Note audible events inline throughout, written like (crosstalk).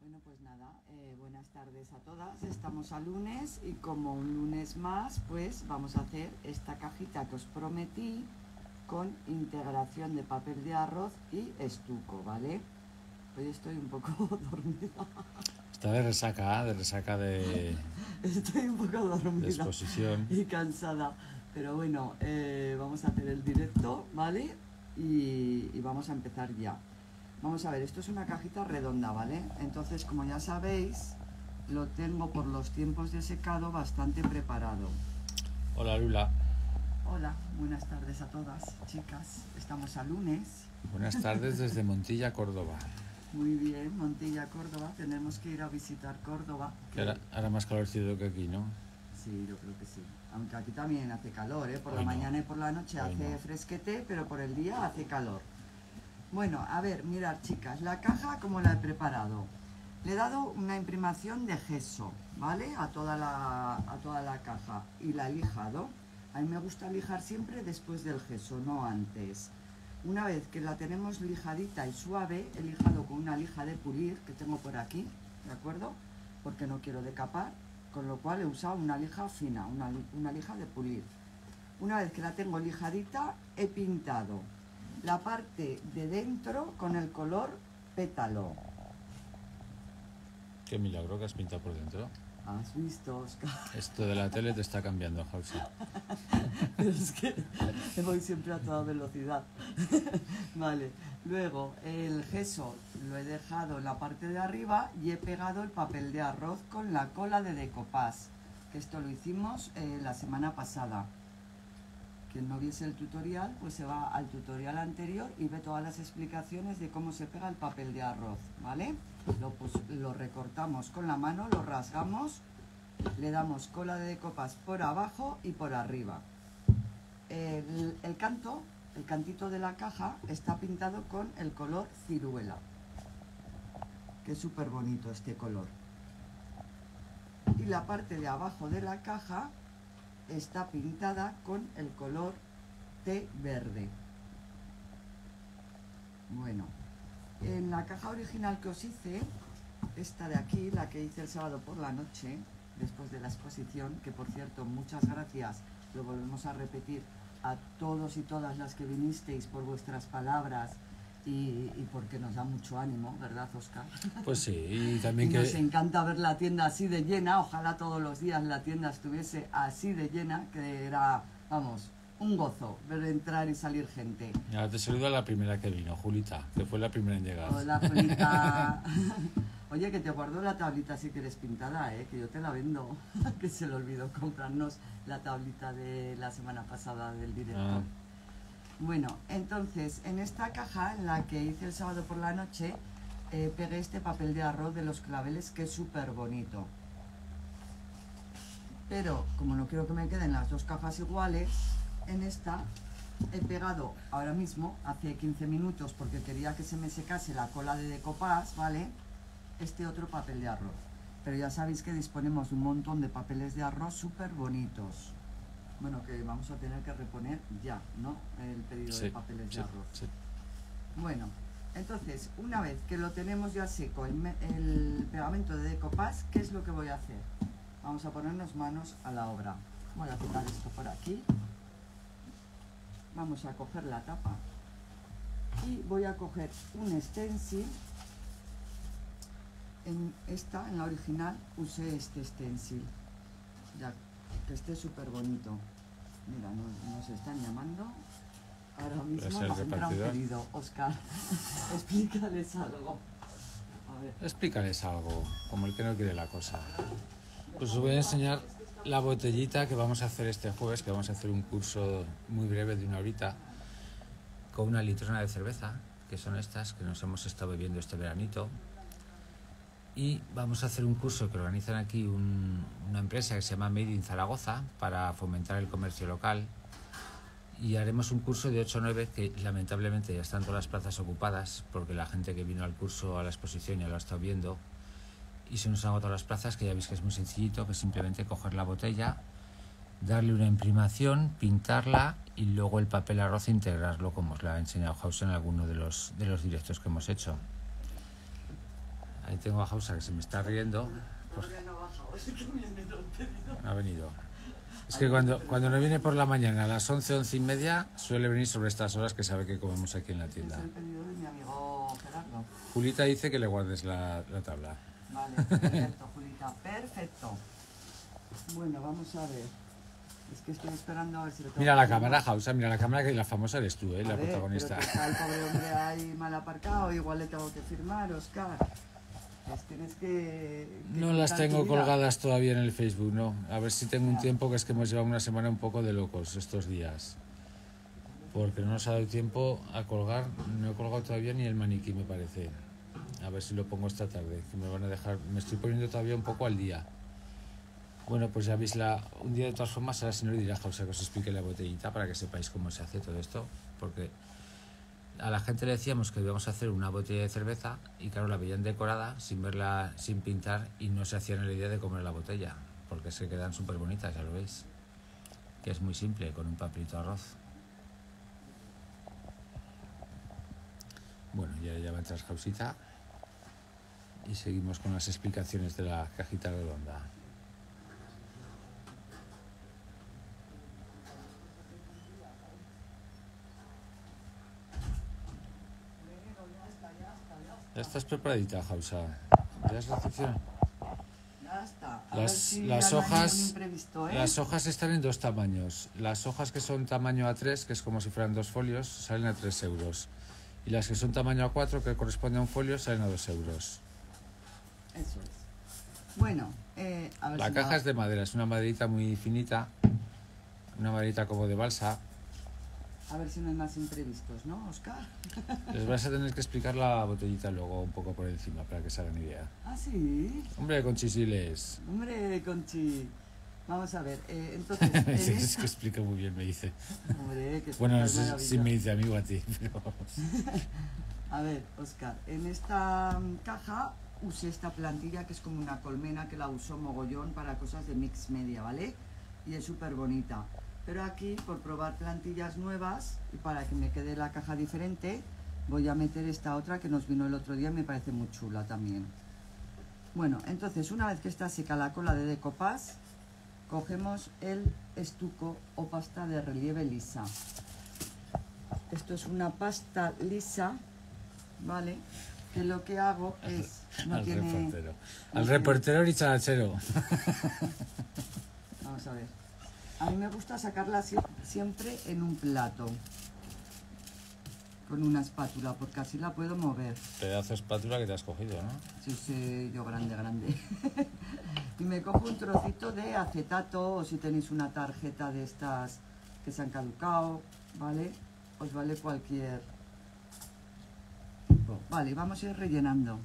Bueno, pues nada, eh, buenas tardes a todas. Estamos a lunes y como un lunes más, pues vamos a hacer esta cajita que os prometí con integración de papel de arroz y estuco, ¿vale? Hoy estoy un poco (laughs) dormida. Está de resaca, de resaca de... (laughs) Estoy un poco dormida. Y cansada. Pero bueno, eh, vamos a hacer el directo, ¿vale? y vamos a empezar ya. Vamos a ver, esto es una cajita redonda, ¿vale? Entonces, como ya sabéis, lo tengo por los tiempos de secado bastante preparado. Hola, Lula. Hola, buenas tardes a todas, chicas. Estamos a lunes. Buenas tardes desde Montilla, Córdoba. Muy bien, Montilla, Córdoba. Tenemos que ir a visitar Córdoba. Que ahora, más calorcito que aquí, ¿no? Sí, yo creo que sí. Aunque aquí también hace calor, ¿eh? Por la mañana y por la noche hace fresquete, pero por el día hace calor. Bueno, a ver, mirad chicas, la caja como la he preparado. Le he dado una imprimación de gesso, ¿vale? A toda la, a toda la caja y la he lijado. A mí me gusta lijar siempre después del gesso, no antes. Una vez que la tenemos lijadita y suave, he lijado con una lija de pulir que tengo por aquí, ¿de acuerdo? Porque no quiero decapar, con lo cual he usado una lija fina, una lija de pulir. Una vez que la tengo lijadita, he pintado la parte de dentro con el color pétalo. Qué milagro que has pintado por dentro. Has visto, Oscar. Esto de la tele te está cambiando, Jorge. (laughs) es que voy siempre a toda velocidad. (laughs) vale. Luego, el gesso lo he dejado en la parte de arriba y he pegado el papel de arroz con la cola de decopás. Que esto lo hicimos eh, la semana pasada. Quien no viese el tutorial, pues se va al tutorial anterior y ve todas las explicaciones de cómo se pega el papel de arroz, ¿vale? Lo, recortamos con la mano, lo rasgamos, le damos cola de copas por abajo y por arriba. El, canto, el cantito de la caja, está pintado con el color ciruela, que es súper bonito este color. Y la parte de abajo de la caja está pintada con el color té verde. Bueno, en la caja original que os hice, esta de aquí, la que hice el sábado por la noche, después de la exposición, que por cierto, muchas gracias, lo volvemos a repetir, a todos y todas las que vinisteis por vuestras palabras, y, y, porque nos da mucho ánimo, ¿verdad, Oscar? Pues sí, y (laughs) también que... Nos encanta ver la tienda así de llena, ojalá todos los días la tienda estuviese así de llena, que era, vamos, un gozo ver entrar y salir gente. Te te a la primera que vino, Julita, que fue la primera en llegar. Hola, Julita. (laughs) (laughs) Oye, que te guardo la tablita si quieres pintada, ¿eh? que yo te la vendo, que se le olvidó comprarnos la tablita de la semana pasada del director. Ah. Bueno, entonces, en esta caja, en la que hice el sábado por la noche, eh, pegué este papel de arroz de los claveles, que es súper bonito. Pero, como no quiero que me queden las dos cajas iguales, en esta he pegado ahora mismo, hace 15 minutos, porque quería que se me secase la cola de decopás, ¿vale? Este otro papel de arroz. Pero ya sabéis que disponemos de un montón de papeles de arroz súper bonitos bueno, que vamos a tener que reponer ya, ¿no? El pedido de papeles de arroz. Bueno, entonces, una vez que lo tenemos ya seco, el, el pegamento de decopás, ¿qué es lo que voy a hacer? Vamos a ponernos manos a la obra. Voy a quitar esto por aquí. Vamos a coger la tapa y voy a coger un stencil. En esta, en la original, usé este stencil. Ya que esté súper bonito. Mira, nos, están llamando. Ahora mismo nos entra un pedido. Oscar, (laughs) explícales algo. Explícales algo, como el que no quiere la cosa. Pues os voy a enseñar la botellita que vamos a hacer este jueves, que vamos a hacer un curso muy breve de una horita con una litrona de cerveza, que son estas que nos hemos estado bebiendo este veranito, y vamos a hacer un curso que organizan aquí una empresa que se llama Made in Zaragoza para fomentar el comercio local y haremos un curso de 8 o 9 que lamentablemente ya están todas las plazas ocupadas porque la gente que vino al curso, a la exposición ya lo ha estado viendo y se nos han agotado las plazas que ya veis que es muy sencillito, que es simplemente coger la botella, darle una imprimación, pintarla y luego el papel arroz integrarlo como os lo ha enseñado House en alguno de los, de los directos que hemos hecho. Ahí tengo a Hausa que se me está riendo. No ha venido. Es que cuando, cuando no viene por la mañana, a las 11, 11 y media, suele venir sobre estas horas que sabe que comemos aquí en la tienda. Julita dice que le guardes la, tabla. Vale, perfecto, Julita, perfecto. Bueno, vamos a ver. Es que estoy esperando a ver si lo tengo Mira la cámara, Hausa, mira la cámara que la famosa eres tú, ¿eh? la protagonista. Pero está el pobre hombre ahí mal aparcado, igual le tengo que firmar, Oscar no las tengo colgadas todavía en el Facebook, no. A ver si tengo un tiempo, que es que hemos llevado una semana un poco de locos estos días. Porque no nos ha dado tiempo a colgar, no he colgado todavía ni el maniquí, me parece. A ver si lo pongo esta tarde, que me van a dejar... Me estoy poniendo todavía un poco al día. Bueno, pues ya veis la... Un día de todas formas, ahora si no le dirá José que os explique la botellita para que sepáis cómo se hace todo esto, porque a la gente le decíamos que íbamos a hacer una botella de cerveza y claro, la veían decorada sin verla, sin pintar y no se hacían la idea de comer la botella, porque se quedan súper bonitas, ya lo veis. Que es muy simple, con un papelito arroz. Bueno, ya, ya va a y seguimos con las explicaciones de la cajita redonda. Ya estás preparadita, Jausa. ¿Ya la las, hojas, ¿eh? las hojas están en dos tamaños. Las hojas que son tamaño A3, que es como si fueran dos folios, salen a tres euros. Y las que son tamaño A4, que corresponde a un folio, salen a dos euros. Eso es. Bueno, eh, a ver La caja es de madera, es una maderita muy finita, una maderita como de balsa a ver si no hay más imprevistos, ¿no, Oscar? Les vas a tener que explicar la botellita luego un poco por encima para que se hagan idea. Ah, sí. Hombre, Conchi chisiles Hombre, Conchi. Vamos a ver, eh, entonces... (laughs) es que explica muy bien, me dice. Hombre, que bueno, no sé si me dice amigo a ti, pero... (laughs) a ver, Oscar, en esta mm, caja usé esta plantilla que es como una colmena que la usó mogollón para cosas de mix media, ¿vale? Y es súper bonita. Pero aquí, por probar plantillas nuevas y para que me quede la caja diferente, voy a meter esta otra que nos vino el otro día y me parece muy chula también. Bueno, entonces una vez que está seca la cola de decopás, cogemos el estuco o pasta de relieve lisa. Esto es una pasta lisa, ¿vale? Que lo que hago es... al reportero. al reportero y chanachero. (laughs) Vamos a ver. A mí me gusta sacarla siempre en un plato. Con una espátula, porque así la puedo mover. Pedazo de espátula que te has cogido, ¿no? Sí, sí, yo grande, grande. (laughs) y me cojo un trocito de acetato, o si tenéis una tarjeta de estas que se han caducado, ¿vale? Os vale cualquier tipo. Vale, vamos a ir rellenando.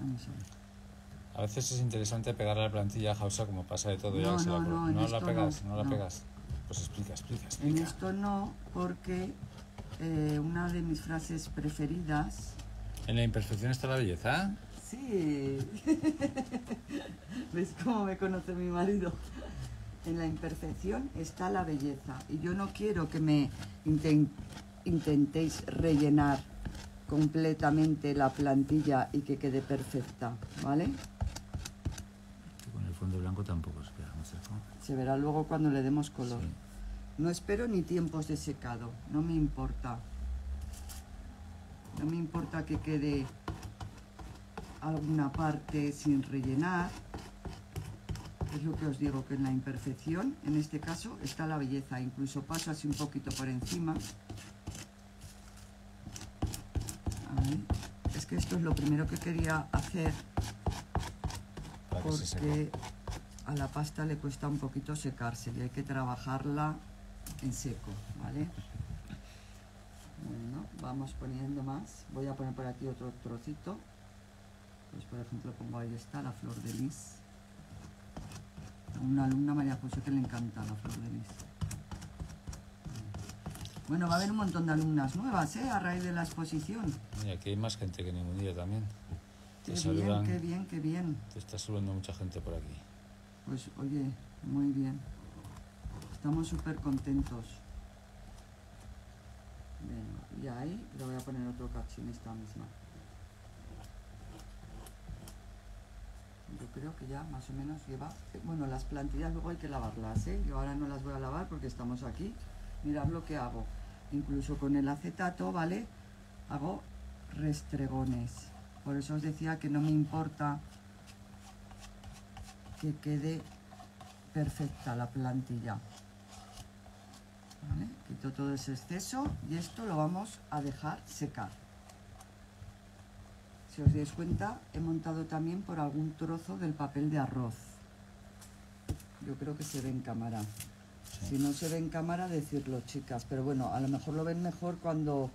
Vamos a ver. A veces es interesante pegar la plantilla a Hausa como pasa de todo. No, no, la, no, no la pegas, no, la pegas. Pues explica, explica, explica. En esto no, porque eh, una de mis frases preferidas... ¿En la imperfección está la belleza? Sí. (laughs) ¿Ves cómo me conoce mi marido? En la imperfección está la belleza. Y yo no quiero que me intentéis rellenar completamente la plantilla y que quede perfecta, ¿vale? blanco tampoco Se verá luego cuando le demos color. No espero ni tiempos de secado, no me importa. No me importa que quede alguna parte sin rellenar. Es lo que os digo, que en la imperfección, en este caso, está la belleza. Incluso pasa así un poquito por encima. Es que esto es lo primero que quería hacer porque a la pasta le cuesta un poquito secarse y hay que trabajarla en seco, ¿vale? Bueno, vamos poniendo más. Voy a poner por aquí otro trocito. Pues por ejemplo pongo ahí está la flor de lis. una alumna María José que le encanta la flor de lis. Bueno, va a haber un montón de alumnas nuevas, ¿eh? A raíz de la exposición. aquí hay más gente que ningún día también qué Bien, qué bien, qué bien. Te está subiendo mucha gente por aquí. Pues oye, muy bien. Estamos súper contentos. y ahí le voy a poner otro cachín esta misma. Yo creo que ya más o menos lleva... Eh, bueno, las plantillas luego hay que lavarlas, ¿eh? Yo ahora no las voy a lavar porque estamos aquí. Mirad lo que hago. Incluso con el acetato, ¿vale? Hago restregones. Por eso os decía que no me importa que quede perfecta la plantilla. Quito todo ese exceso y esto lo vamos a dejar secar. Si os dais cuenta, he montado también por algún trozo del papel de arroz. Yo creo que se ve en cámara. Si no se ve en cámara, decirlo, chicas. Pero bueno, a lo mejor lo ven mejor cuando,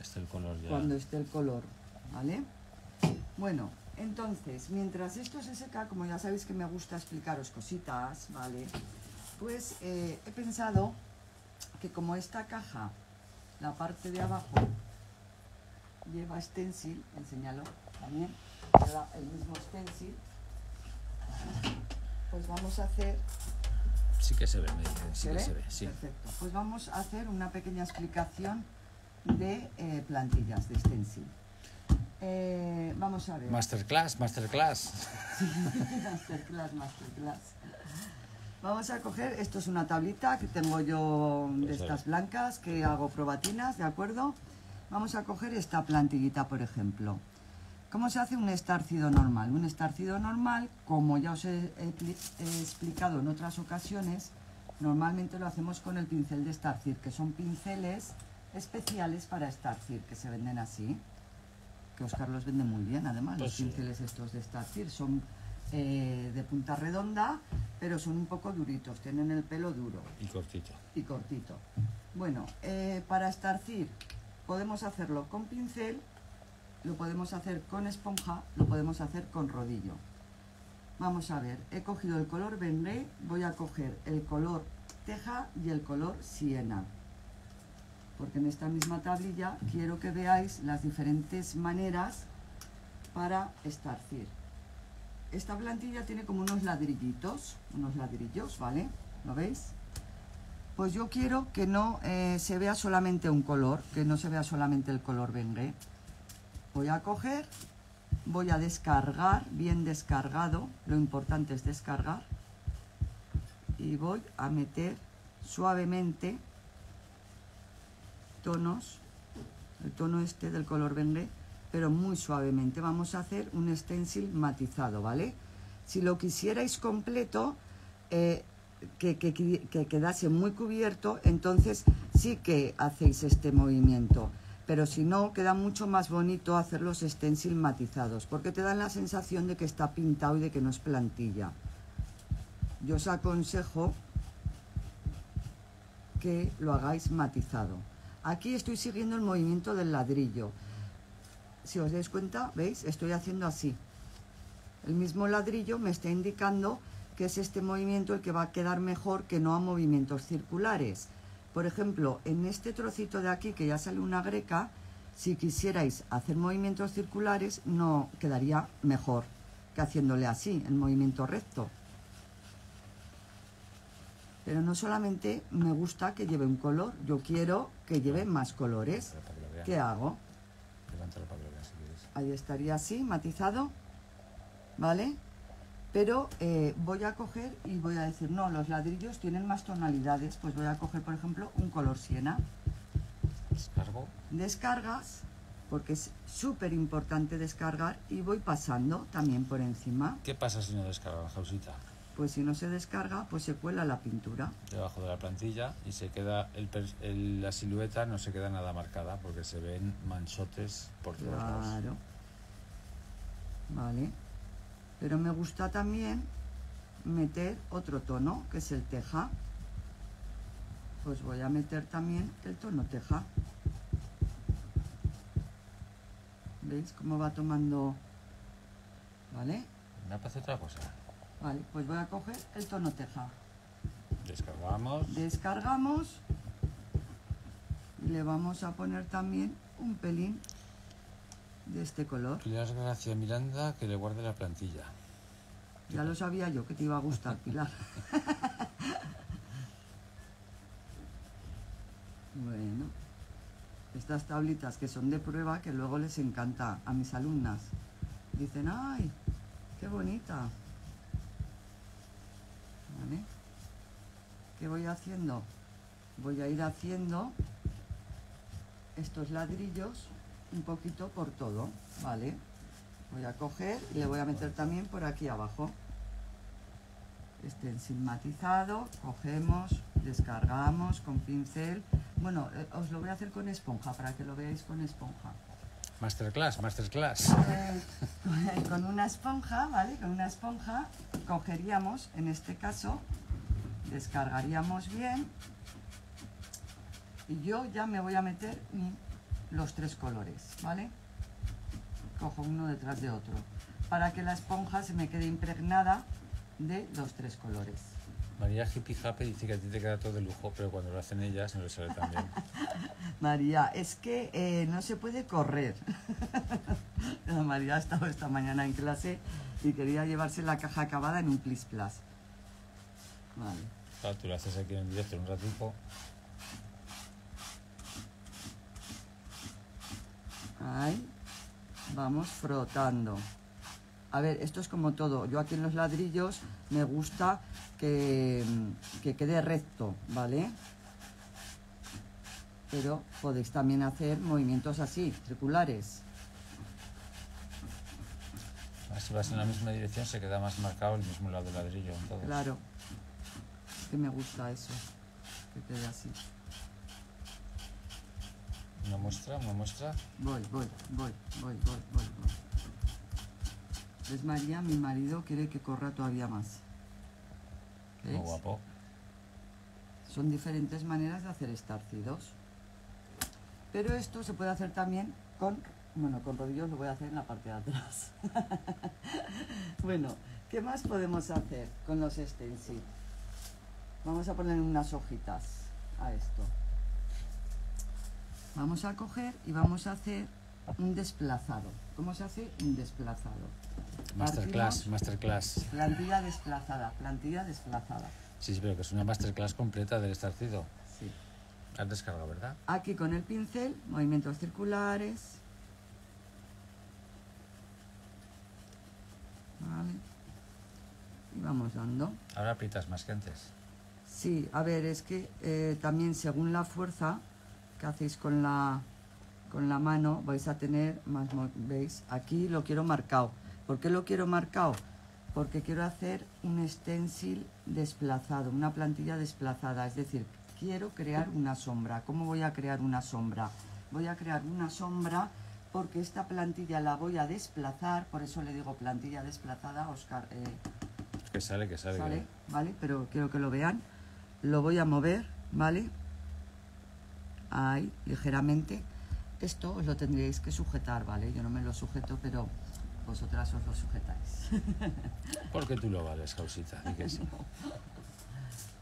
esté el color cuando esté el color. ¿Vale? Bueno, entonces, mientras esto se seca, como ya sabéis que me gusta explicaros cositas, ¿vale? Pues eh, he pensado que como esta caja, la parte de abajo, lleva stencil, enseñalo también, lleva el mismo stencil, pues vamos a hacer... Sí que se ve, sí. Perfecto, pues vamos a hacer una pequeña explicación de eh, plantillas de stencil. Eh, vamos a ver. Masterclass, masterclass. (laughs) masterclass, masterclass. Vamos a coger, esto es una tablita que tengo yo de pues estas blancas que hago probatinas, ¿de acuerdo? Vamos a coger esta plantillita, por ejemplo. ¿Cómo se hace un estarcido normal? Un estarcido normal, como ya os he, he explicado en otras ocasiones, normalmente lo hacemos con el pincel de estarcir, que son pinceles especiales para estarcir, que se venden así que Oscar los vende muy bien además, los pues pinceles estos de estarcir son eh, de punta redonda, pero son un poco duritos, tienen el pelo duro. Y cortito. Y cortito. Bueno, eh, para estarcir podemos hacerlo con pincel, lo podemos hacer con esponja, lo podemos hacer con rodillo. Vamos a ver, he cogido el color vendré voy a coger el color teja y el color siena porque en esta misma tablilla quiero que veáis las diferentes maneras para estarcir. Esta plantilla tiene como unos ladrillitos, unos ladrillos, ¿vale? ¿Lo veis? Pues yo quiero que no eh, se vea solamente un color, que no se vea solamente el color bengue. Voy a coger, voy a descargar, bien descargado, lo importante es descargar, y voy a meter suavemente tonos, el tono este del color verde, pero muy suavemente. Vamos a hacer un stencil matizado, ¿vale? Si lo quisierais completo, eh, que, que quedase muy cubierto, entonces sí que hacéis este movimiento. Pero si no, queda mucho más bonito hacer los stencil matizados, porque te dan la sensación de que está pintado y de que no es plantilla. Yo os aconsejo que lo hagáis matizado. Aquí estoy siguiendo el movimiento del ladrillo. Si os dais cuenta, ¿veis? Estoy haciendo así. El mismo ladrillo me está indicando que es este movimiento el que va a quedar mejor que no a movimientos circulares. Por ejemplo, en este trocito de aquí, que ya sale una greca, si quisierais hacer movimientos circulares, no quedaría mejor que haciéndole así, el movimiento recto. Pero no solamente me gusta que lleve un color, yo quiero que lleve más colores. ¿Qué hago? Ahí estaría así, matizado, ¿vale? Pero eh, voy a coger y voy a decir, no, los ladrillos tienen más tonalidades, pues voy a coger, por ejemplo, un color siena. Descargo. Descargas, porque es súper importante descargar y voy pasando también por encima. ¿Qué pasa si no descargas, Jausita? pues si no se descarga, pues se cuela la pintura. Debajo de la plantilla y se queda, la silueta no se queda nada marcada porque se ven manchotes por todos lados. Claro. Vale. Pero me gusta también meter otro tono, que es el teja. Pues voy a meter también el tono teja. ¿Veis cómo va tomando? ¿Vale? Me ha pasado otra cosa. Vale, pues voy a coger el tono teja. Descargamos. Descargamos. Y le vamos a poner también un pelín de este color. Pilar a Miranda que le guarde la plantilla. Ya lo sabía yo que te iba a gustar, Pilar. (laughs) bueno, estas tablitas que son de prueba que luego les encanta a mis alumnas. Dicen, ¡ay, qué bonita! ¿Qué voy haciendo? Voy a ir haciendo estos ladrillos un poquito por todo, ¿vale? Voy a coger y le voy a meter también por aquí abajo. Este matizado, cogemos, descargamos con pincel. Bueno, eh, os lo voy a hacer con esponja para que lo veáis con esponja. Masterclass, masterclass. Eh, (laughs) con una esponja, ¿vale? Con una esponja cogeríamos, en este caso, descargaríamos bien. Y yo ya me voy a meter los tres colores, ¿vale? Cojo uno detrás de otro. Para que la esponja se me quede impregnada de los tres colores. María Hippie Happy dice que a ti te queda todo de lujo, pero cuando lo hacen ellas no lo sale tan bien. (laughs) María, es que eh, no se puede correr. (laughs) María ha estado esta mañana en clase y quería llevarse la caja acabada en un plis plas. Vale. Ah, tú lo haces aquí en directo un ratito. Ahí. Vamos frotando. A ver, esto es como todo. Yo aquí en los ladrillos me gusta Mm, que, quede recto, ¿vale? Pero podéis también hacer movimientos así, circulares. Si vas en la misma dirección se queda más marcado el mismo lado del ladrillo. Claro. Es que me gusta eso. Que quede así. Una muestra, una muestra. Voy, voy, voy, voy, voy, voy. voy. María? Mi marido quiere que corra todavía más. Muy guapo. Son diferentes maneras de hacer estarcidos. Pero esto se puede hacer también con... Bueno, con rodillos lo voy a hacer en la parte de atrás. (laughs) bueno, ¿qué más podemos hacer con los stencil? Vamos a poner unas hojitas a esto. Vamos a coger y vamos a hacer un desplazado. ¿Cómo se hace un desplazado? Masterclass, masterclass. Plantilla desplazada, plantilla desplazada. Sí, pero que es una masterclass completa del estarcido. Sí. Has descargado, ¿verdad? Aquí con el pincel, movimientos circulares. Vale. Y vamos dando. Ahora pitas más que antes. Sí, a ver, es que eh, también según la fuerza que hacéis con la, con la mano, vais a tener más, ¿veis? Aquí lo quiero marcado ¿Por qué lo quiero marcado? Porque quiero hacer un stencil desplazado, una plantilla desplazada, es decir, quiero crear una sombra. ¿Cómo voy a crear una sombra? Voy a crear una sombra porque esta plantilla la voy a desplazar, por eso le digo plantilla desplazada, Oscar. Eh, que sale, que sale. Sale, ¿vale? Pero quiero que lo vean. Lo voy a mover, ¿vale? Ahí, ligeramente. Esto os lo tendríais que sujetar, ¿vale? Yo no me lo sujeto, pero vosotras os lo sujetáis. (laughs) Porque tú lo vales, Causita, (laughs)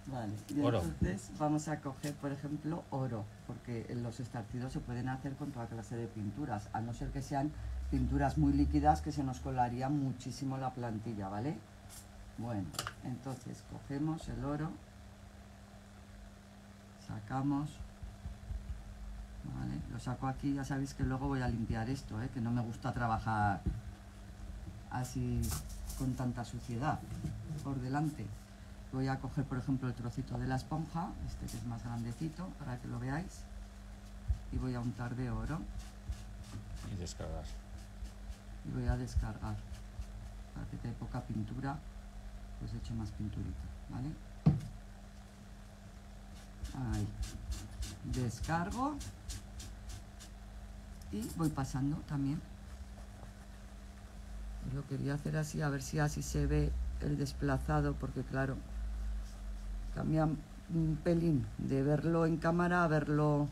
Vale, entonces vamos a coger, por ejemplo, oro, porque los estarcidos se pueden hacer con toda clase de pinturas, a no ser que sean pinturas muy líquidas que se nos colaría muchísimo la plantilla, ¿vale? Bueno, entonces cogemos el oro, sacamos, Lo saco aquí, ya sabéis que luego voy a limpiar esto, ¿eh? que no me gusta trabajar así con tanta suciedad por delante. Voy a coger, por ejemplo, el trocito de la esponja, este que es más grandecito, para que lo veáis, y voy a untar de oro. Y descargar. Y voy a descargar. Para que te dé poca pintura, pues echo más pinturita, ¿vale? Descargo. Y voy pasando también lo quería hacer así, a ver si así se ve el desplazado, porque claro, cambia un pelín de verlo en cámara a verlo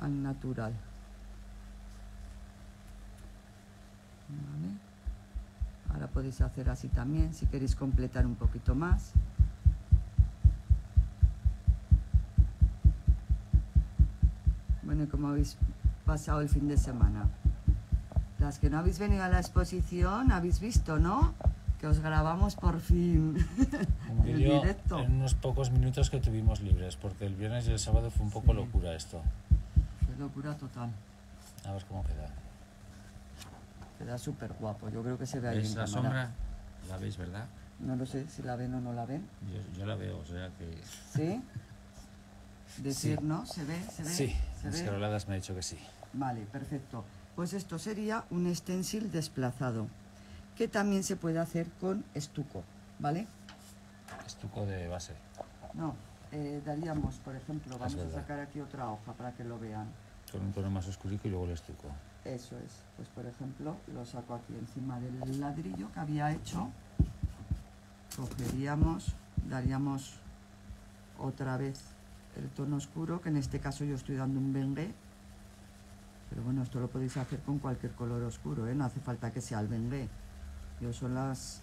al natural. Ahora podéis hacer así también, si queréis completar un poquito más. Bueno, como habéis pasado el fin de semana. Las que no habéis venido a la exposición, habéis visto, ¿no? Que os grabamos por fin (laughs) en, directo. En unos pocos minutos que tuvimos libres, porque el viernes y el sábado fue un poco locura esto. Fue locura total. A ver cómo queda. Queda súper guapo, yo creo que se ve ahí. la sombra? ¿La veis, verdad? No lo sé si la ven o no la ven. Yo, la veo, o sea que. (laughs) ¿Sí? Decir, ¿no? ¿Se ve? ¿Se ve? Sí, Las caroladas me ha dicho que sí. Vale, perfecto pues esto sería un stencil desplazado, que también se puede hacer con estuco, ¿vale? Estuco de base. No, eh, daríamos, por ejemplo, ah, vamos a sacar aquí otra hoja para que lo vean. Con un tono más oscurito y luego el estuco. Eso es, pues por ejemplo, lo saco aquí encima del ladrillo que había hecho, cogeríamos, daríamos otra vez el tono oscuro, que en este caso yo estoy dando un bengue, pero bueno, esto lo podéis hacer con cualquier color oscuro, ¿eh? no hace falta que sea albengué. Yo son las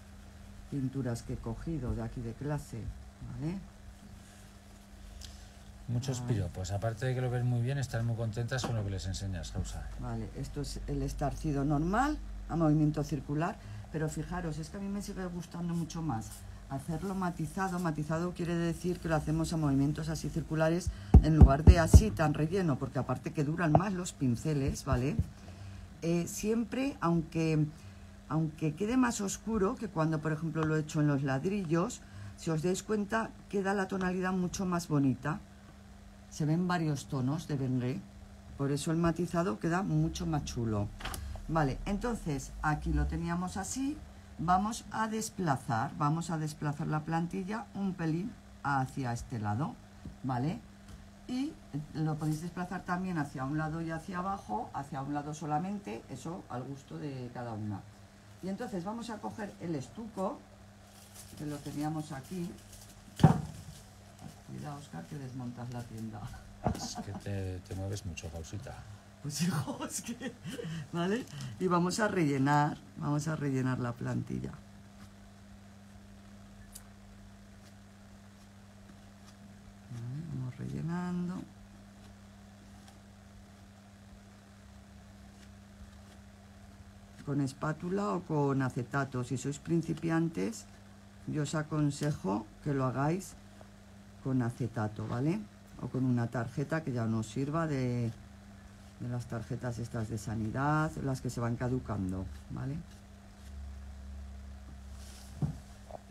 pinturas que he cogido de aquí de clase, ¿vale? Muchos vale. Ah. pues Aparte de que lo ven muy bien, están muy contentas con lo que les enseñas, Causa. Vale, esto es el estarcido normal a movimiento circular, pero fijaros, es que a mí me sigue gustando mucho más hacerlo matizado. Matizado quiere decir que lo hacemos a movimientos así circulares en lugar de así tan relleno, porque aparte que duran más los pinceles, ¿vale? Eh, siempre, aunque, aunque quede más oscuro, que cuando por ejemplo lo he hecho en los ladrillos, si os dais cuenta, queda la tonalidad mucho más bonita. Se ven varios tonos de Bengué, por eso el matizado queda mucho más chulo. Vale, entonces aquí lo teníamos así, vamos a desplazar, vamos a desplazar la plantilla un pelín hacia este lado, ¿vale? y lo podéis desplazar también hacia un lado y hacia abajo, hacia un lado solamente, eso al gusto de cada una. Y entonces vamos a coger el estuco, que lo teníamos aquí. Cuidado, Oscar, que desmontas la tienda. Es que te, mueves mucho, pausita. Pues hijo, es que... ¿Vale? Y vamos a rellenar, vamos a rellenar la plantilla. Con espátula o con acetato. Si sois principiantes, yo os aconsejo que lo hagáis con acetato, ¿vale? O con una tarjeta que ya nos sirva de, las tarjetas estas de sanidad, las que se van caducando, ¿vale?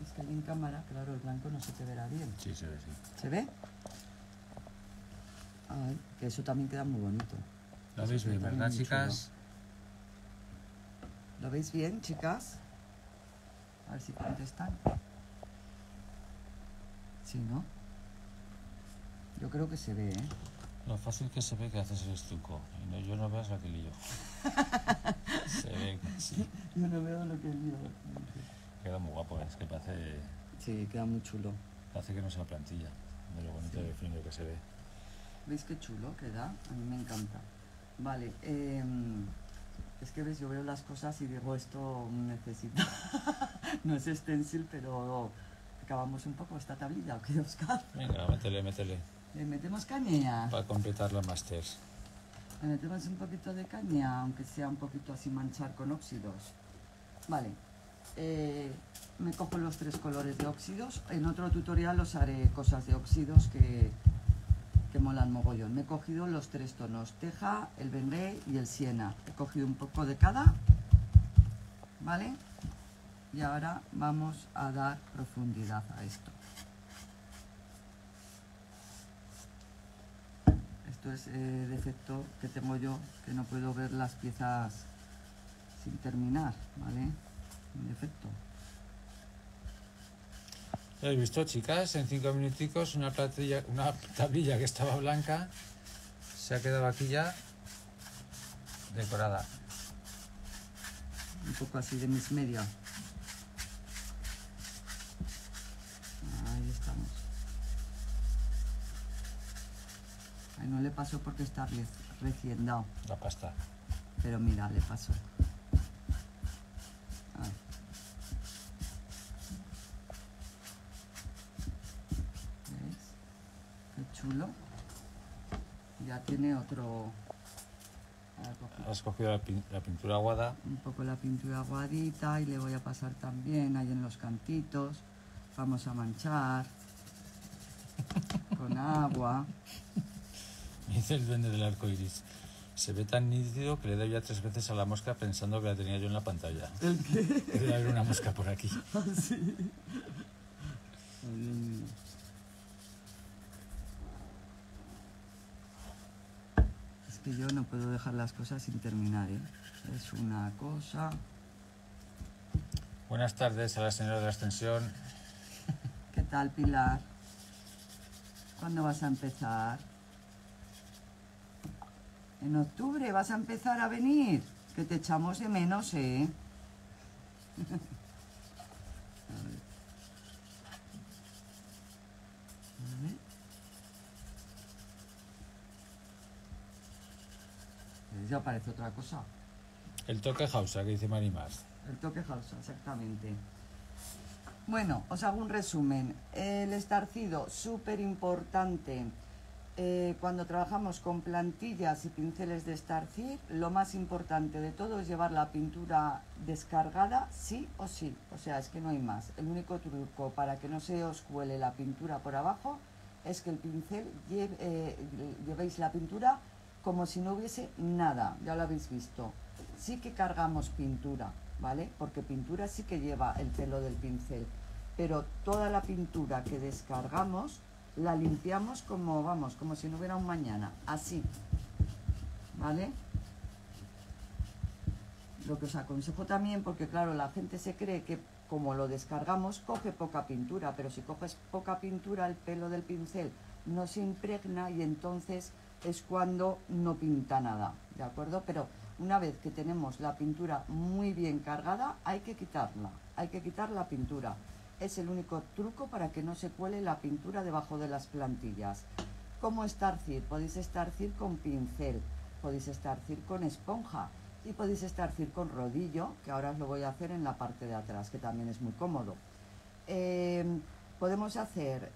Es que en cámara, claro, el blanco no se te verá bien. Sí, se ve, ¿Se ve? que ah, eso también queda muy bonito. Lo veis bien, ¿verdad, chicas? ¿Lo veis bien, chicas? A ver si contestan. Sí, ¿no? Yo creo que se ve, ¿eh? Lo fácil que se ve que haces el estuco Y yo no veo lo que lío. (laughs) se ve Yo no veo lo que lío. Queda muy guapo, ¿eh? es que parece... Sí, queda muy chulo. Parece que no sea plantilla, de lo bonito de frío que se ve. ¿Veis qué chulo queda? A mí me encanta. Vale, em, es que ves, yo veo las cosas y digo, esto necesito... (laughs) no es stencil, pero acabamos un poco esta tablilla, ¿o qué, Oscar? Venga, métele, métele. Le metemos caña. Para completar la máster. Le metemos un poquito de caña, aunque sea un poquito así manchar con óxidos. Vale, eh, me cojo los tres colores de óxidos. En otro tutorial os haré cosas de óxidos que molan mogollón. Me he cogido los tres tonos, teja, el bengué y el siena. He cogido un poco de cada, ¿vale? Y ahora vamos a dar profundidad a esto. Esto es el eh, defecto que tengo yo, que no puedo ver las piezas sin terminar, ¿vale? Un defecto habéis visto, chicas? En cinco minuticos una, tablilla que estaba blanca se ha quedado aquí ya decorada. Un poco así de mis medio. Ahí estamos. no le pasó porque está recién dado. La pasta. Pero mira, le pasó. ya tiene otro... Has cogido la, pintura aguada. Un poco la pintura aguadita y le voy a pasar también ahí en los cantitos. Vamos a manchar (laughs) con agua. dice el duende del arco iris. Se ve tan nítido que le doy ya tres veces a la mosca pensando que la tenía yo en la pantalla. ¿El qué? Debe haber una mosca por aquí. (laughs) Ah, sí? yo no puedo dejar las cosas sin terminar. ¿eh? Es una cosa... Buenas tardes a la señora de la extensión. (laughs) ¿Qué tal, Pilar? ¿Cuándo vas a empezar? En octubre vas a empezar a venir, que te echamos de menos, ¿eh? (laughs) aparece otra cosa. El toque hausa que dice Marimar. El toque hausa, exactamente. Bueno, os hago un resumen. El estarcido, súper importante. Eh, cuando trabajamos con plantillas y pinceles de estarcir, lo más importante de todo es llevar la pintura descargada sí o sí. O sea, es que no hay más. El único truco para que no se os cuele la pintura por abajo es que el pincel eh, llevéis la pintura como si no hubiese nada, ya lo habéis visto. Sí que cargamos pintura, ¿vale? Porque pintura sí que lleva el pelo del pincel, pero toda la pintura que descargamos la limpiamos como, vamos, como si no hubiera un mañana, así, ¿vale? Lo que os aconsejo también, porque claro, la gente se cree que como lo descargamos, coge poca pintura, pero si coges poca pintura, el pelo del pincel no se impregna y entonces es cuando no pinta nada, ¿de acuerdo? Pero una vez que tenemos la pintura muy bien cargada, hay que quitarla, hay que quitar la pintura. Es el único truco para que no se cuele la pintura debajo de las plantillas. ¿Cómo estarcir? Podéis estarcir con pincel, podéis estarcir con esponja y podéis estarcir con rodillo, que ahora os lo voy a hacer en la parte de atrás, que también es muy cómodo. Eh, podemos hacer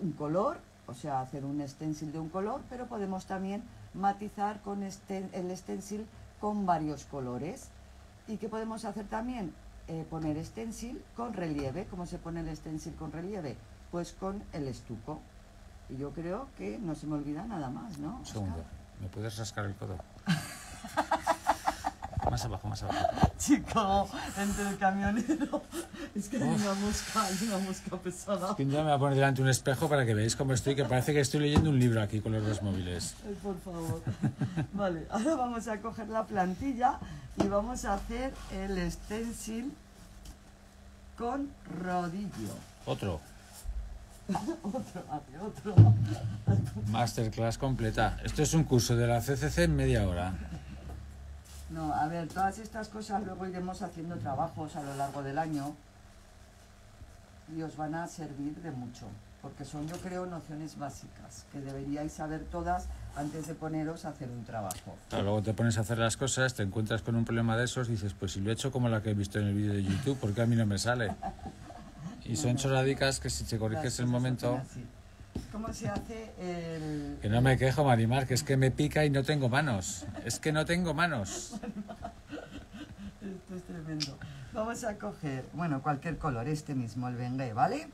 un color o sea, hacer un stencil de un color, pero podemos también matizar con este, el stencil con varios colores. ¿Y qué podemos hacer también? Eh, poner stencil con relieve. ¿Cómo se pone el stencil con relieve? Pues con el estuco. Y yo creo que no se me olvida nada más, ¿no? segundo, ¿me puedes rascar el codo? (laughs) más abajo, más abajo. (laughs) Chico, entre el camionero. Es que hay una mosca, hay una mosca pesada. Es ya me voy a poner delante un espejo para que veáis cómo estoy, que parece que estoy leyendo un libro aquí con los dos móviles. por favor. Vale, ahora vamos a coger la plantilla y vamos a hacer el stencil con rodillo. Otro. (laughs) otro, hace otro. Masterclass completa. Esto es un curso de la CCC en media hora. No, a ver, todas estas cosas luego iremos haciendo trabajos a lo largo del año y os van a servir de mucho, porque son, yo creo, nociones básicas que deberíais saber todas antes de poneros a hacer un trabajo. luego te pones a hacer las cosas, te encuentras con un problema de esos, y dices, pues si lo he hecho como la que he visto en el vídeo de YouTube, ¿por qué a mí no me sale? (laughs) Y son choradicas que si te corriges el momento... ¿Cómo se hace el...? Que no me quejo, Marimar, que es que me pica y no tengo manos. Es que no tengo manos. (laughs) Esto es tremendo. Vamos a coger, bueno, cualquier color, este mismo, el bengue, ¿vale?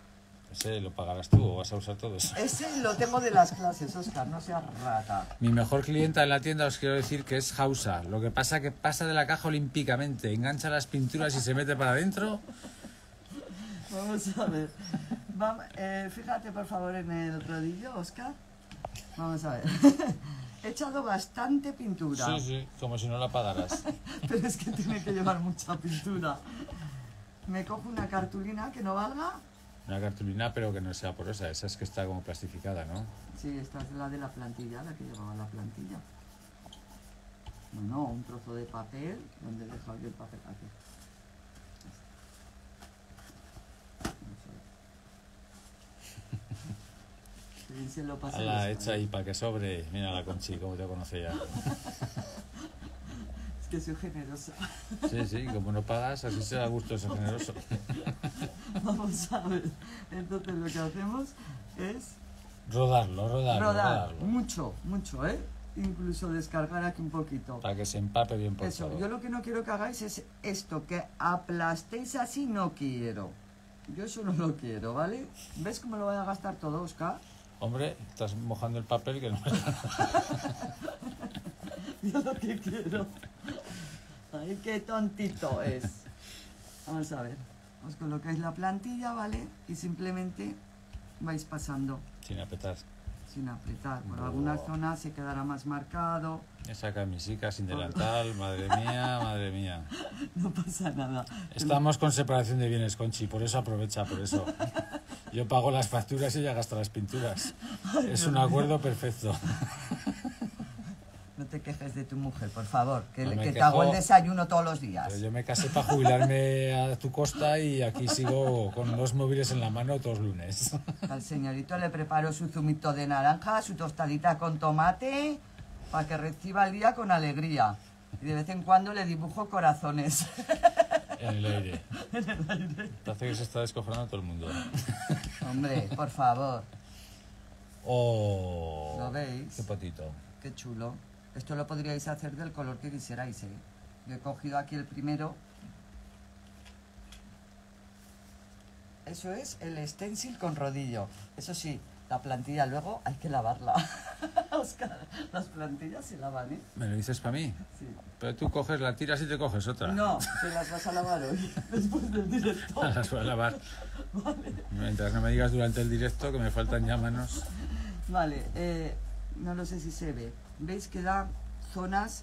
Ese lo pagarás tú o vas a usar todos. (laughs) Ese lo tengo de las clases, Oscar, no seas rata. Mi mejor clienta en la tienda os quiero decir que es Hausa. Lo que pasa que pasa de la caja olímpicamente, engancha las pinturas y se mete para adentro. Vamos a ver. Eh, fíjate por favor en el rodillo, Oscar. Vamos a ver. (laughs) He echado bastante pintura. Sí, sí, como si no la pagaras. (laughs) Pero es que tiene que llevar mucha pintura. Me cojo una cartulina que no valga. Una cartulina, pero que no sea porosa. Esa es que está como plastificada, ¿no? Sí, esta es la de la plantilla, la que llevaba la plantilla. Bueno, un trozo de papel. ¿Dónde he dejado yo el papel? Aquí. se lo La hecha ahí para que sobre. Mira la Conchi, como te conoce ya. (laughs) es que soy generosa. sí, sí, como no pagas, así se da gusto ser generoso. (laughs) Vamos a ver. Entonces lo que hacemos es... Rodarlo, rodarlo, Rodar, rodarlo. Mucho, mucho, ¿eh? Incluso descargar aquí un poquito. Para que se empape bien por Eso, yo lo que no quiero que hagáis es esto, que aplastéis así no quiero. Yo eso no lo quiero, ¿vale? ¿Ves cómo lo voy a gastar todo, Oscar? Hombre, estás mojando el papel que no me (laughs) Yo que quiero. Ay, qué tontito es. Vamos a ver. Os colocáis la plantilla, ¿vale? Y simplemente vais pasando. Sin apretar. Sin apretar. Por algunas se quedará más marcado. Esa camisica sin delantal, (laughs) madre mía, madre mía. No pasa nada. Estamos con separación de bienes, Conchi, por eso aprovecha, por eso. (laughs) Yo pago las facturas y ella gasta las pinturas. es un acuerdo perfecto. No te quejes de tu mujer, por favor, que, que te hago el desayuno todos los días. Pero yo me casé para jubilarme a tu costa y aquí sigo con dos móviles en la mano todos los lunes. Al señorito le preparo su zumito de naranja, su tostadita con tomate, para que reciba el día con alegría. Y de vez en cuando le dibujo corazones. (laughs) En el aire. (laughs) en el aire. Parece que se está descojonando todo el mundo. (laughs) Hombre, por favor. Oh. ¿Lo veis? Qué patito. Qué chulo. Esto lo podríais hacer del color que quisierais, ¿eh? Yo he cogido aquí el primero. Eso es el stencil con rodillo. Eso sí, la plantilla luego hay que lavarla. Oscar, (laughs) las plantillas se lavan, ¿eh? ¿Me lo dices para mí? Sí. Pero tú coges, la tira y te coges otra. No, te las vas a lavar hoy, (laughs) después del directo. (laughs) las voy a lavar. Mientras no me digas durante el directo que me faltan ya manos. Vale, eh, no lo sé si se ve. ¿Veis que da zonas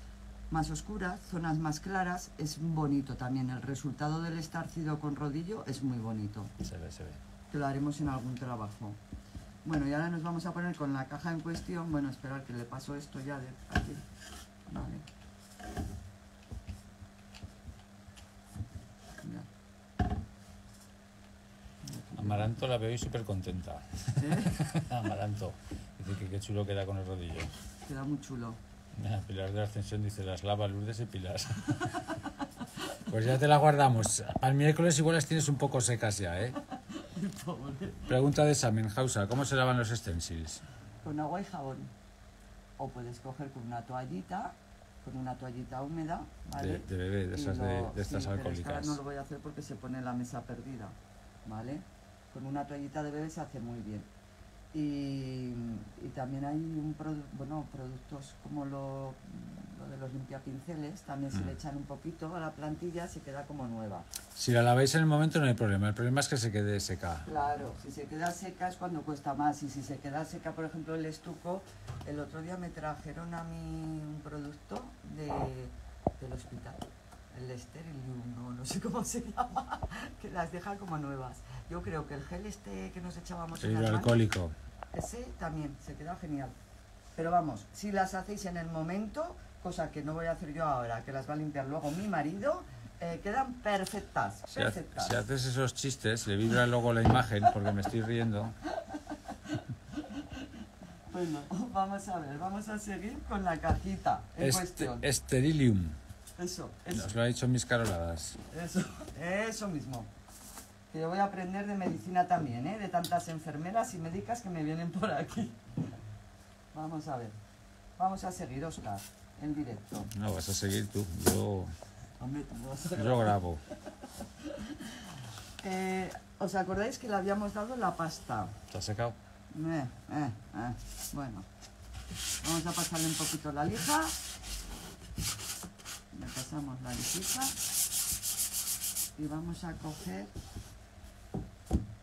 más oscuras, zonas más claras? Es bonito también. El resultado del estarcido con rodillo es muy bonito. Se ve, se ve. Te lo haremos en algún trabajo. Bueno, y ahora nos vamos a poner con la caja en cuestión. Bueno, esperar que le paso esto ya de aquí. Vale. Amaranto la veo y súper contenta. (laughs) Amaranto. Dice que qué chulo queda con el rodillo. Queda muy chulo. Pilar de la Ascensión dice, las lavas, Lourdes y Pilar. (laughs) pues ya te la guardamos. Al miércoles igual las tienes un poco secas ya, ¿eh? Pregunta de Samin ¿cómo se lavan los stencils? Con agua y jabón. O puedes coger con una toallita, con una toallita húmeda, ¿vale? De, bebé, de esas estas alcohólicas. no lo voy a hacer porque se pone la mesa perdida, ¿vale? Con una toallita de bebé se hace muy bien. Y, también hay un bueno, productos como los de los limpiapinceles, también se le mm. echan un poquito a la plantilla se queda como nueva. Si la laváis en el momento no hay problema, el problema es que se quede seca. Claro, si se queda seca es cuando cuesta más y si se queda seca, por ejemplo, el estuco, el otro día me trajeron a mí un producto del hospital, el esteril no, no sé cómo se (laughs) llama, que las deja como nuevas. Yo creo que el gel este que nos echábamos alcohólico. Ese también, se queda genial. Pero vamos, si las hacéis en el momento, cosa que no voy a hacer yo ahora, que las va a limpiar luego mi marido, eh, quedan perfectas, perfectas. Si, haces esos chistes, le vibra luego la imagen porque me estoy riendo. (laughs) Bueno, vamos a ver, vamos a seguir con la cajita en este cuestión. Esterilium. Eso, eso. Nos lo ha dicho mis caroladas. Eso, eso mismo. Que voy a aprender de medicina también, ¿eh? De tantas enfermeras y médicas que me vienen por aquí. (laughs) Vamos a ver. Vamos a seguir, Oscar en directo. No, vas a seguir tú. Yo, lo grabo. (laughs) Eh, ¿Os acordáis que le habíamos dado la pasta? Está secado? Eh, eh, bueno, vamos a pasarle un poquito la lija. Le pasamos la lijita. Y vamos a coger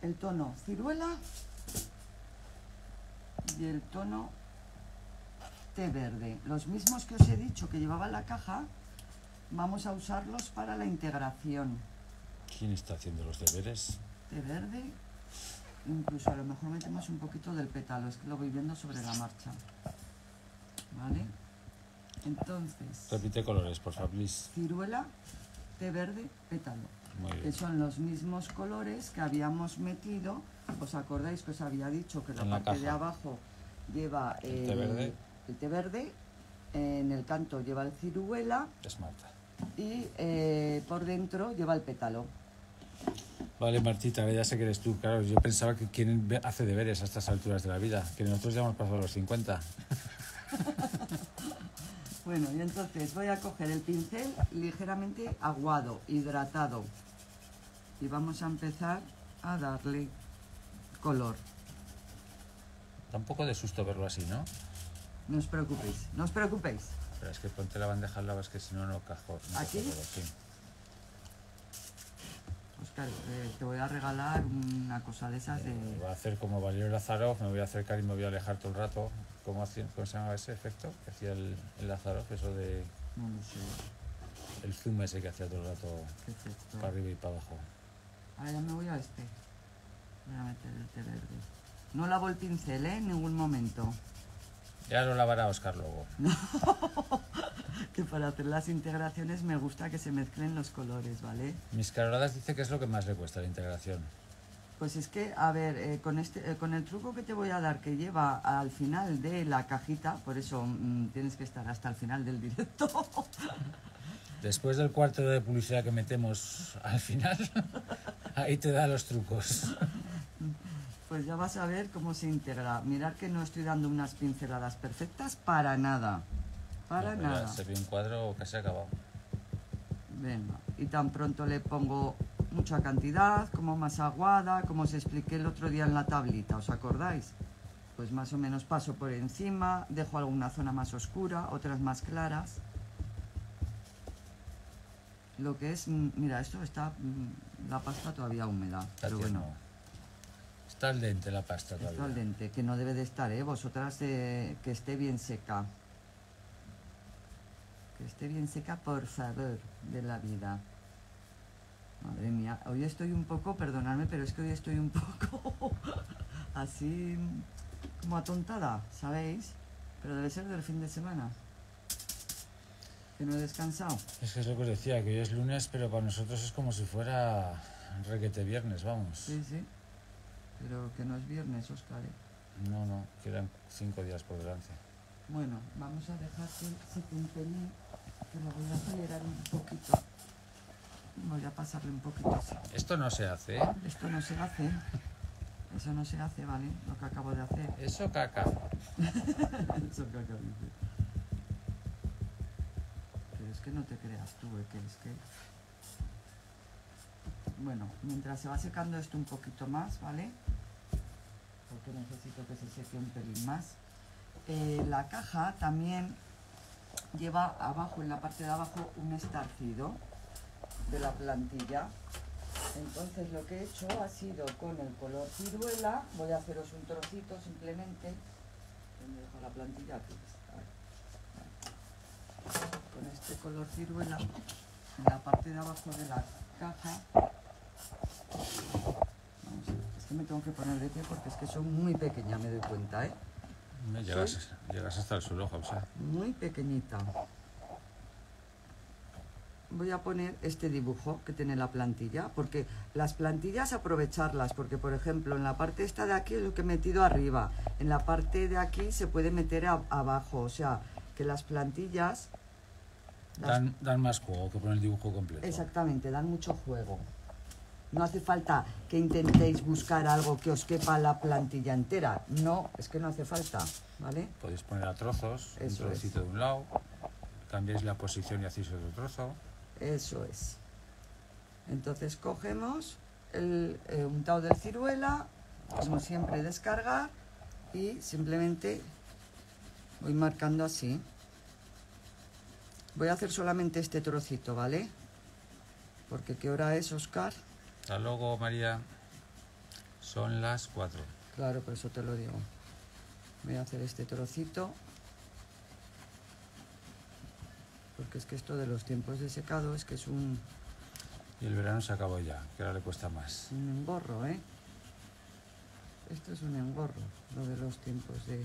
el tono ciruela y el tono este verde. Los mismos que os he dicho que llevaba la caja, vamos a usarlos para la integración. ¿Quién está haciendo los deberes? Te verde. Incluso a lo mejor metemos un poquito del pétalo, es que lo voy viendo sobre la marcha. ¿Vale? Entonces... Repite colores, por favor, please. Ciruela, té verde, pétalo. Que son los mismos colores que habíamos metido. ¿Os acordáis que os había dicho que la, parte de abajo lleva... El, verde el té verde, en el canto lleva el ciruela. Y eh, por dentro lleva el pétalo. Vale, Martita, ya sé que eres tú. Claro, yo pensaba que quién hace deberes a estas alturas de la vida, que nosotros ya hemos pasado los 50. (laughs) bueno, y entonces voy a coger el pincel ligeramente aguado, hidratado. Y vamos a empezar a darle color. Tampoco un de susto verlo así, ¿no? No os preocupéis, no os preocupéis. Pero es que ponte la bandeja al lado, es que si no, no cajo. No ¿Aquí? Oscar, eh, te voy a regalar una cosa de esas de... Eh, voy a hacer como el Lázaro, me voy a acercar y me voy a alejar todo el rato. ¿Cómo, cómo se llama ese efecto que hacía el, el Eso de... No lo sé. El zoom ese que hacía todo el rato para arriba y para abajo. Ahora ya me voy a este. Voy a meter té verde. No lavo el pincel, ¿eh? En ningún momento. Ya lo lavará Oscar luego. (laughs) que para hacer las integraciones me gusta que se mezclen los colores, ¿vale? Mis Caroladas dice que es lo que más le cuesta la integración. Pues es que, a ver, eh, con, este, eh, con el truco que te voy a dar que lleva al final de la cajita, por eso mm, tienes que estar hasta el final del directo. (laughs) Después del cuarto de publicidad que metemos al final, (laughs) ahí te da los trucos pues ya vas a ver cómo se integra. Mirad que no estoy dando unas pinceladas perfectas para nada. Para nada. Se ve un cuadro casi acabado. Venga, y tan pronto le pongo mucha cantidad, como más aguada, como os expliqué el otro día en la tablita, ¿os acordáis? Pues más o menos paso por encima, dejo alguna zona más oscura, otras más claras. Lo que es, mm, mira, esto está, mm, la pasta todavía húmeda, pero bueno. Está al dente la pasta al dente, que no debe de estar, ¿eh? Vosotras eh, que esté bien seca. Que esté bien seca, por favor, de la vida. Madre mía, hoy estoy un poco, perdonadme, pero es que hoy estoy un (laughs) poco así como atontada, ¿sabéis? Pero debe ser del fin de semana. Que no he descansado. Es que es lo que os decía, que hoy es lunes, pero para nosotros es como si fuera requete viernes, vamos. Sí, sí. Pero que no es viernes, Oscar, ¿eh? No, no, quedan cinco días por delante. Bueno, vamos a dejar que se te empeñe, que lo voy a acelerar un poquito. Voy a pasarle un poquito así. Esto no se hace, ¿eh? Esto no se hace. Eso no se hace, ¿vale? Lo que acabo de hacer. Eso caca. (laughs) Eso caca, dice. Pero es que no te creas tú, ¿eh? que es que bueno, mientras se va secando esto un poquito más, ¿vale? Porque necesito que se seque un pelín más. Eh, la caja también lleva abajo, en la parte de abajo, un estarcido de la plantilla. Entonces lo que he hecho ha sido con el color ciruela, voy a haceros un trocito simplemente, dejo la plantilla? Con este color ciruela, en la parte de abajo de la caja, Vamos Es que me tengo que poner de pie porque es que son muy pequeñas, me doy cuenta, ¿eh? llegas, hasta el suelo, Muy pequeñita. Voy a poner este dibujo que tiene la plantilla, porque las plantillas aprovecharlas, porque por ejemplo en la parte esta de aquí es lo que he metido arriba, en la parte de aquí se puede meter abajo, o sea, que las plantillas... Dan, dan más juego que poner el dibujo completo. Exactamente, dan mucho juego. No hace falta que intentéis buscar algo que os quepa la plantilla entera. No, es que no hace falta, ¿vale? Podéis poner a trozos, un trocito de un lado, cambiáis la posición y hacéis otro trozo. Eso es. Entonces cogemos el eh, untado de ciruela, como siempre descargar, y simplemente voy marcando así. Voy a hacer solamente este trocito, ¿vale? Porque ¿qué hora es, Oscar? Hasta luego, María. Son las cuatro. Claro, por eso te lo digo. Voy a hacer este trocito. Porque es que esto de los tiempos de secado es que es un... Y el verano se acabó ya, que ahora le cuesta más. Un engorro, ¿eh? Esto es un engorro, lo de los tiempos de...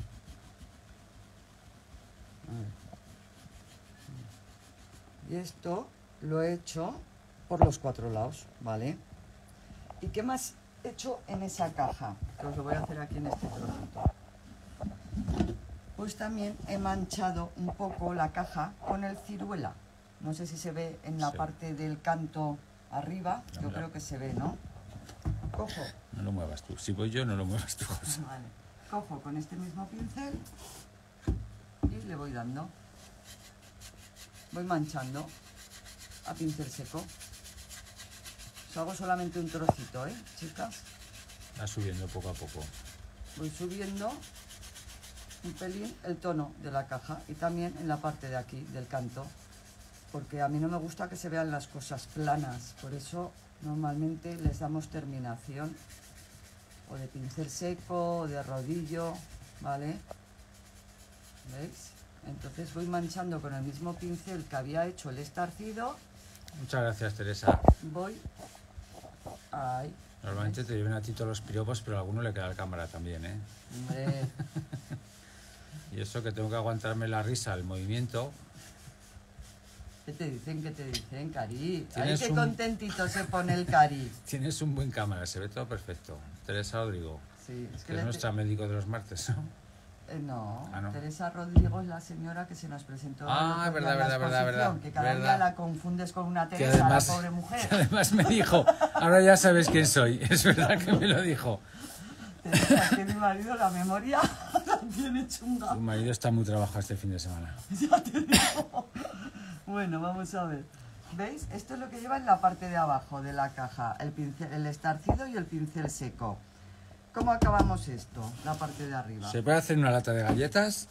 A Y esto lo he hecho por los cuatro lados, ¿vale? ¿Y qué más he hecho en esa caja? Que os lo voy a hacer aquí en este producto. Pues también he manchado un poco la caja con el ciruela. No sé si se ve en la parte del canto arriba. yo creo que se ve, ¿no? Cojo. No lo muevas tú. Si voy yo, no lo muevas tú. Vale. Cojo con este mismo pincel y le voy dando. Voy manchando a pincel seco hago solamente un trocito, ¿eh, chicas? Va subiendo poco a poco. Voy subiendo un pelín el tono de la caja y también en la parte de aquí del canto porque a mí no me gusta que se vean las cosas planas por eso normalmente les damos terminación o de pincel seco o de rodillo vale veis entonces voy manchando con el mismo pincel que había hecho el estarcido muchas gracias Teresa voy Normalmente te lleven a ti todos los piropos, pero a alguno le queda la cámara también, ¿eh? (laughs) y eso que tengo que aguantarme la risa, el movimiento. ¿Qué te dicen? ¿Qué te dicen, Cari? Ay, qué contentito se pone el (laughs) Cari. Tienes un buen cámara, se ve todo perfecto. Teresa Rodrigo. Sí, es que, es nuestra médico de los martes, eh, ah, no, Teresa Rodrigo es la señora que se nos presentó. Ah, en verdad, verdad, verdad, verdad. Que cada día la confundes con una Teresa, la pobre mujer. además me dijo, ahora ya sabes quién soy. (laughs) Es verdad que me lo dijo. Teresa, que mi marido la memoria (laughs) tiene chunga. Tu marido está muy trabajado este fin de semana. (laughs) ya te digo. Bueno, vamos a ver. ¿Veis? Esto es lo que lleva en la parte de abajo de la caja. El, pincel, el estarcido y el pincel seco. ¿Cómo acabamos esto? La parte de arriba. ¿Se puede hacer una lata de galletas?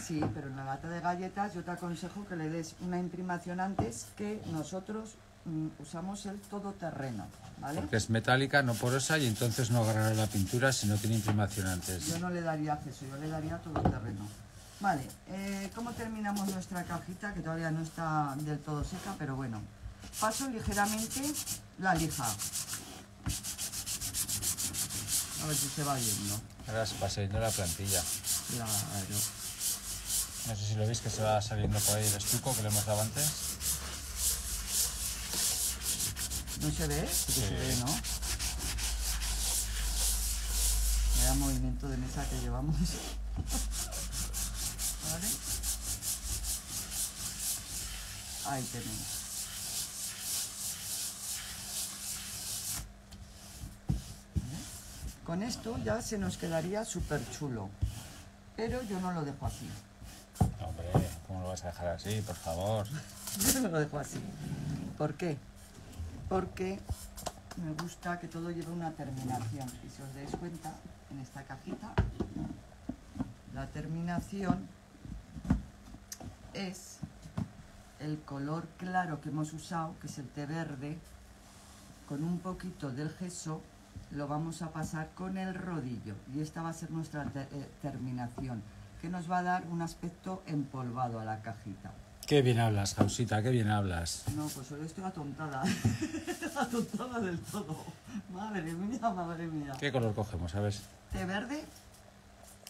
Sí, pero en la lata de galletas yo te aconsejo que le des una imprimación antes que nosotros mm, usamos el todoterreno, ¿vale? Porque es metálica, no porosa y entonces no agarrará la pintura si no tiene imprimación antes. Yo no le daría acceso, yo le daría todoterreno. Vale, eh, ¿cómo terminamos nuestra cajita? Que todavía no está del todo seca, pero bueno. Paso ligeramente la lija. A ver si se va yendo. Ahora se va saliendo la plantilla. No sé si lo veis que se va saliendo por ahí el estuco que le hemos dado antes. ¿No se ve? se ve, ¿no? Vea movimiento de mesa que llevamos. (laughs) ¿Vale? Ahí tenemos. Con esto ya se nos quedaría súper chulo. Pero yo no lo dejo así. Hombre, ¿cómo lo vas a dejar así, por favor? (laughs) yo no lo dejo así. ¿Por qué? Porque me gusta que todo lleve una terminación. Y si os dais cuenta, en esta cajita, la terminación es el color claro que hemos usado, que es el té verde, con un poquito del gesso lo vamos a pasar con el rodillo y esta va a ser nuestra eh, terminación que nos va a dar un aspecto empolvado a la cajita. Qué bien hablas, Causita, qué bien hablas. No, pues hoy estoy atontada. (laughs) atontada del todo. Madre mía, madre mía. ¿Qué color cogemos? A ver. ¿Té verde?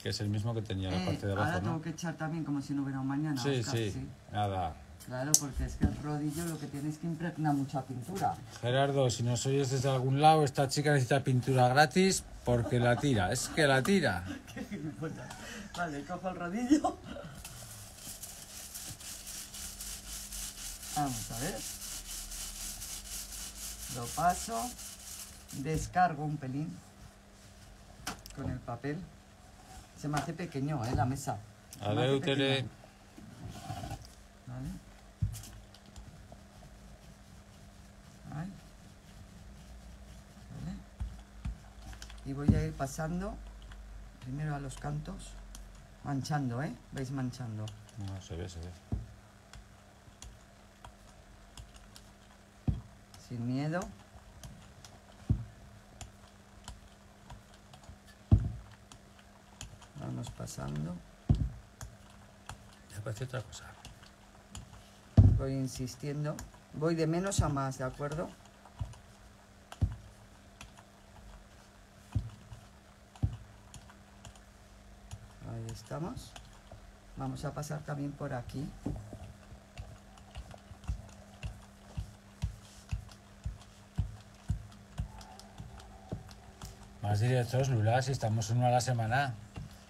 Que es el mismo que tenía la eh, parte de abajo. Ahora tengo que echar también como si no hubiera un mañana. sí, sí. Nada. Claro, porque es que el rodillo lo que tiene es que impregna mucha pintura. Gerardo, si nos oyes desde algún lado, esta chica necesita pintura gratis porque la tira. Es que la tira. (laughs) vale, cojo el rodillo. Vamos a ver. Lo paso. Descargo un pelín con el papel. Se me hace pequeño, ¿eh? La mesa. A ver, usted. Vale. y voy a ir pasando primero a los cantos, manchando, ¿eh? veis manchando. No, se ve, se ve. Sin miedo. Vamos pasando. Ya parece otra cosa. Voy insistiendo. Voy de menos a más, ¿de acuerdo? Vamos a pasar también por aquí. Más directos, Lula, si estamos uno a la semana.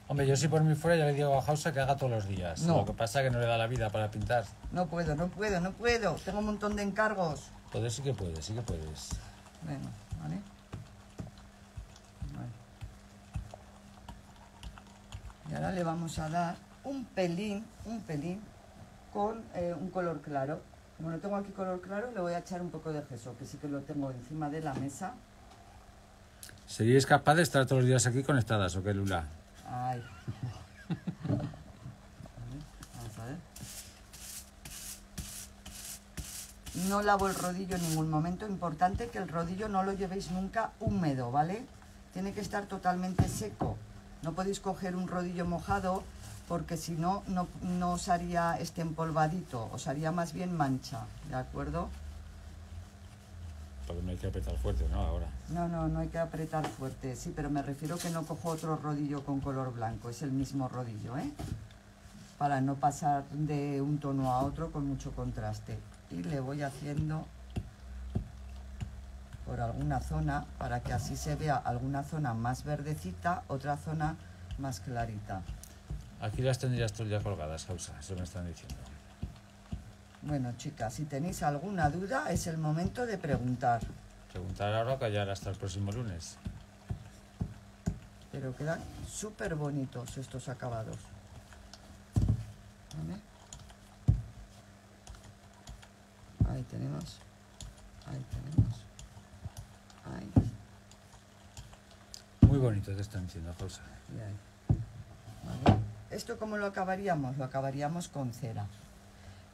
Hombre, yo si por mí fuera ya le digo a Hausa que haga todos los días. Lo que pasa es que no le da la vida para pintar. No puedo, no puedo, no puedo. Tengo un montón de encargos. Puedes, sí que puedes, sí que puedes. Bueno, Vale. Y ahora le vamos a dar un pelín, un pelín con eh, un color claro. Bueno, tengo aquí color claro, le voy a echar un poco de gesso, que sí que lo tengo encima de la mesa. ¿Seríais capaz de estar todos los días aquí conectadas o qué, Lula? (laughs) a ver. No lavo el rodillo en ningún momento. Importante que el rodillo no lo llevéis nunca húmedo, ¿vale? Tiene que estar totalmente seco. No podéis coger un rodillo mojado porque si no, no, os haría este empolvadito, os haría más bien mancha, ¿de acuerdo? Porque no hay que apretar fuerte, ¿no? Ahora. No, no, no hay que apretar fuerte, sí, pero me refiero que no cojo otro rodillo con color blanco, es el mismo rodillo, ¿eh? Para no pasar de un tono a otro con mucho contraste. Y le voy haciendo por alguna zona para que así se vea alguna zona más verdecita, otra zona más clarita. Aquí las tendrías tú ya colgadas, Causa, eso me están diciendo. Bueno, chicas, si tenéis alguna duda, es el momento de preguntar. Preguntar ahora, o callar hasta el próximo lunes. Pero quedan súper bonitos estos acabados. Ahí tenemos. Ahí tenemos. Ahí. Muy bonito te están diciendo, Rosa. Vale. ¿Esto cómo lo acabaríamos? Lo acabaríamos con cera.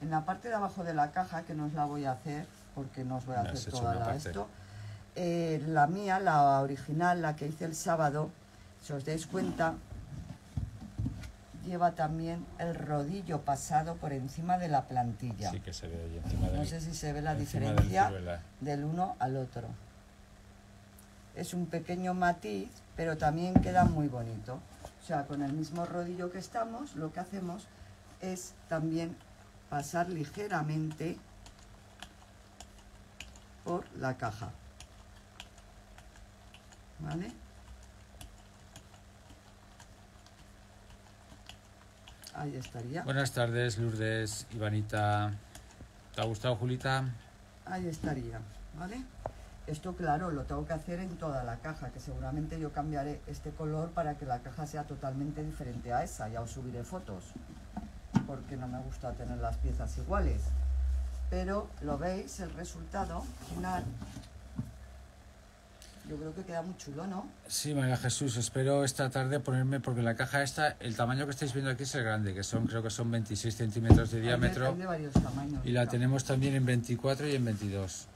En la parte de abajo de la caja, que no os la voy a hacer, porque no os voy a hacer toda esto, eh, la mía, la original, la que hice el sábado, si os dais cuenta, lleva también el rodillo pasado por encima de la plantilla. Sí que se ve ahí encima de No sé si se ve la diferencia del uno al otro. Es un pequeño matiz, pero también queda muy bonito sea, con el mismo rodillo que estamos, lo que hacemos es también pasar ligeramente por la caja. ¿Vale? Ahí estaría. Buenas tardes, Lourdes, Ivanita. ¿Te ha gustado, Julita? Ahí estaría, ¿vale? Esto, claro, lo tengo que hacer en toda la caja, que seguramente yo cambiaré este color para que la caja sea totalmente diferente a esa. Ya os subiré fotos, porque no me gusta tener las piezas iguales. Pero lo veis, el resultado final. Yo creo que queda muy chulo, ¿no? Sí, María Jesús, espero esta tarde ponerme, porque la caja esta, el tamaño que estáis viendo aquí es el grande, que son creo que son 26 centímetros de diámetro. y la tenemos también en 24 y en 22.